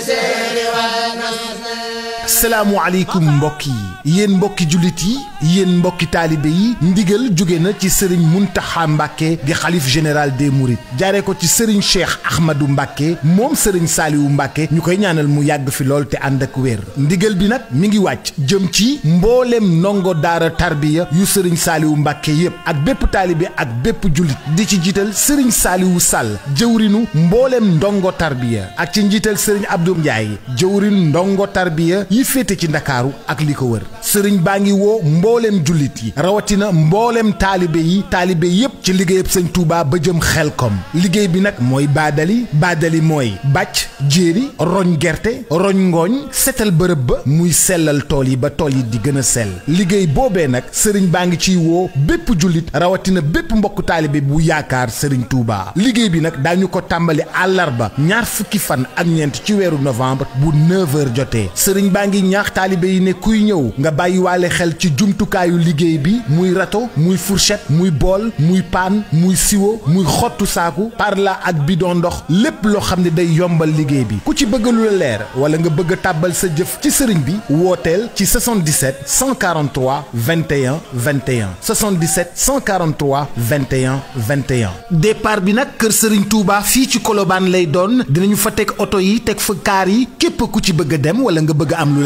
say aleykum mbokk yi yéen mbokki jullit yi yéen mbokki taalibe yi ndigal jóge na ci sëriñ Muntaxa Mbàkke di xalif général des Mourides jaare ko ci sëriñ Cheikh Ahmadou Mbàkke moom sëriñ Saaliwu Mbàkke ñu koy ñaanal mu yàgg fi lool te ànd ak wér ndigal bi nag mi ngi wàcc jëm ci mbooleem ndongo daara tarbiya yu sëriñ Saaliwu Mbàkke yépp ak bépp taalibe ak bépp jullit di ci jiital sëriñ Saaliwu Sàll jëwrinu mbooleem ndongo tarbiya ak ci njiital sëriñ Abdou Ndiaye jëwrinu ndongo féete ci ndakaaru ak li ko wër sëriñ baa ngi woo mbooleem jullit yi rawatina mbooleem taalibe yi taalibe yépp ci liggéeyab sëñ Touba ba jëm xel xelkom liggéey bi nag mooy baadali baadali mooy bàcc jéeri roñ gerte roñ ngooñ setal bërëb ba muy sellal tool yi ba tool yi di gën a sell liggéey boobee nag sëriñ baa ngi ciy woo bépp jullit rawatina bépp mbokk taalibe bu yaakaar sëriñ Touba liggéey bi nag daañu ko tàmbali àllarba ñaar fukki fan ak ñeent ci weeru novembre bu 9 jotee ngi ñaax taalibe yi ne kuy ñëw nga bàyyiwaale xel ci jumtukaayu liggéey bi muy rato muy fourchette muy bool muy paan muy siwo muy xottu saaku parla ak bidon ndox lépp loo xam ne day yombal liggéey bi ku ci bëgg lu la leer wala nga bëgg a tàbbal sa jëf ci sëriñ bi wooteel ci 77 143 21 21 77 143 21 21. départ bi nag kër sëriñ Touba fii ci Colobane lay doon dinañu fa teg oto yi teg fa kaar yi képp ci bëgg dem am lu